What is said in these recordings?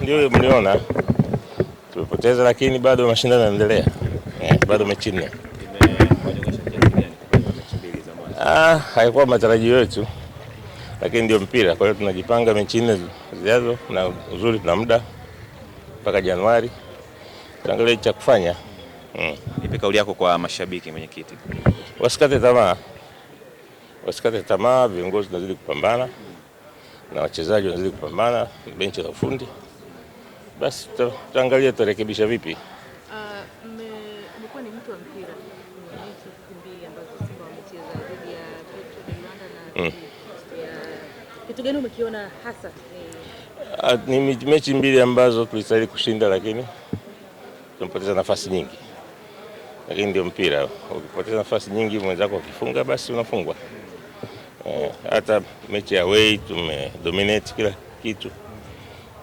ndio mliona tumepoteza, lakini bado mashindano yanaendelea, eh, bado mechi nne. Ah, haikuwa matarajio yetu, lakini ndio mpira. Kwa hiyo tunajipanga mechi nne zijazo, na uzuri tuna muda mpaka Januari, tuangalie cha kufanya. Hmm. Nipe kauli yako kwa mashabiki, mwenyekiti. Wasikate tamaa, wasikate tamaa, viongozi tunazidi kupambana na wachezaji wanazidi kupambana, benchi la ufundi basi tutaangalia tutarekebisha vipi. Uh, ni mm. kitu gani umekiona hasa? Ni ah, mechi mbili ambazo tulistahili kushinda, lakini tumepoteza nafasi nyingi, lakini ndio mpira. Ukipoteza nafasi nyingi mwenzako ukifunga, basi unafungwa. Eh, hata mechi ya away tumedominate kila kitu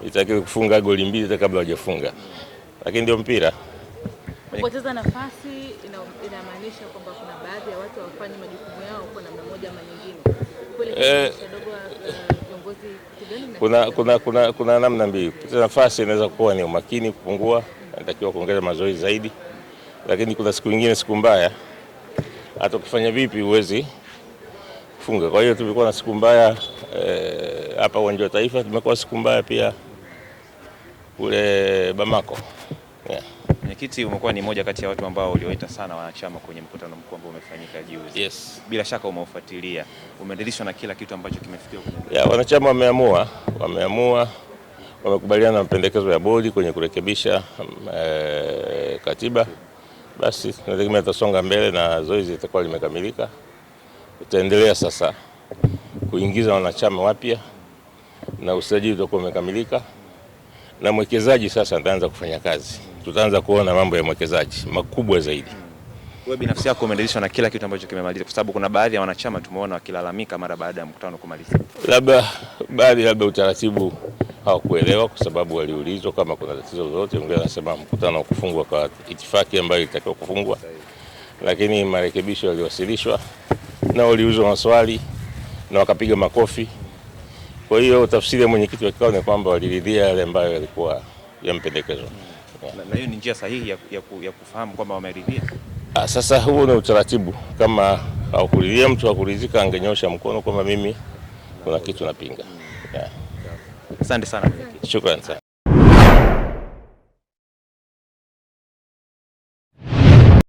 itakiwe kufunga goli mbili hata kabla hajafunga, lakini ndio mpira. Kupoteza nafasi inamaanisha kwamba kuna baadhi ya watu hawafanyi majukumu yao kwa namna moja ama nyingine. Eh, eh Kuna, kuna, kuna, kuna namna mbili. Kupoteza nafasi inaweza kuwa ni umakini kupungua, natakiwa kuongeza mazoezi zaidi, lakini kuna siku nyingine, siku mbaya, hata ukifanya vipi huwezi kufunga. Kwa hiyo tulikuwa na siku mbaya eh, hapa eh, uwanja wa Taifa tumekuwa siku mbaya pia kule Bamako yeah. Mwenyekiti, umekuwa ni moja kati ya watu ambao ulioita sana wanachama kwenye mkutano mkuu ambao umefanyika juzi. Yes. Bila shaka umeufuatilia, umeendelishwa na kila kitu ambacho kimefikiwa kwenye yeah, wanachama wameamua, wameamua wamekubaliana na mapendekezo ya bodi kwenye kurekebisha e, katiba. Basi tunategemea tutasonga mbele na zoezi litakuwa limekamilika. Tutaendelea sasa kuingiza wanachama wapya na usajili utakuwa umekamilika na mwekezaji sasa ataanza kufanya kazi, tutaanza kuona mambo ya mwekezaji makubwa zaidi. Wewe binafsi yako umeridhishwa na kila kitu ambacho kimemalizika? Kwa sababu kuna baadhi ya wanachama tumeona wakilalamika mara baada ya mkutano kumalizika, labda baadhi, labda utaratibu hawakuelewa, kwa sababu waliulizwa kama kuna tatizo lolote, ongea anasema mkutano wa kufungwa kwa itifaki ambayo ilitakiwa kufungwa, lakini marekebisho yaliwasilishwa na waliulizwa maswali na wakapiga makofi. Kwa hiyo tafsiri ya mwenyekiti wa kikao ni kwamba waliridhia yale ambayo yalikuwa yampendekezwa. Na hiyo ni njia sahihi ya, ya, ya kufahamu kwamba wameridhia. Ah, sasa huo ni utaratibu. Kama hakuridhia mtu hakuridhika, angenyosha mkono kwamba mimi kuna kitu napinga. Mm. Asante yeah. sana Shukrani sana.